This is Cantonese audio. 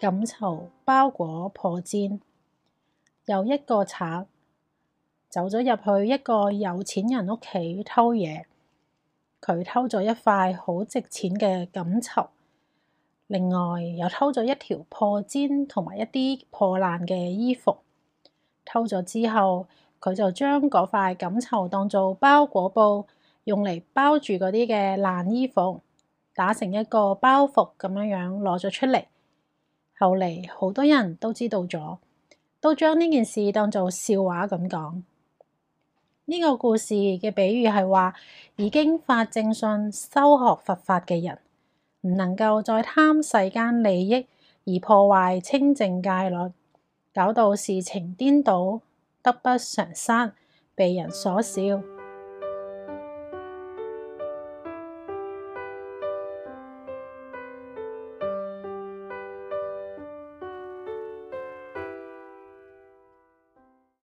錦綢包裹破氈，有一個賊走咗入去一個有錢人屋企偷嘢。佢偷咗一塊好值錢嘅錦綢，另外又偷咗一條破氈同埋一啲破爛嘅衣服。偷咗之後，佢就將嗰塊錦綢當做包裹布，用嚟包住嗰啲嘅爛衣服，打成一個包袱咁樣樣攞咗出嚟。後嚟好多人都知道咗，都將呢件事當做笑話咁講。呢個故事嘅比喻係話，已經發正信、修學佛法嘅人，唔能夠再貪世間利益而破壞清淨戒律，搞到事情顛倒，得不償失，被人所笑。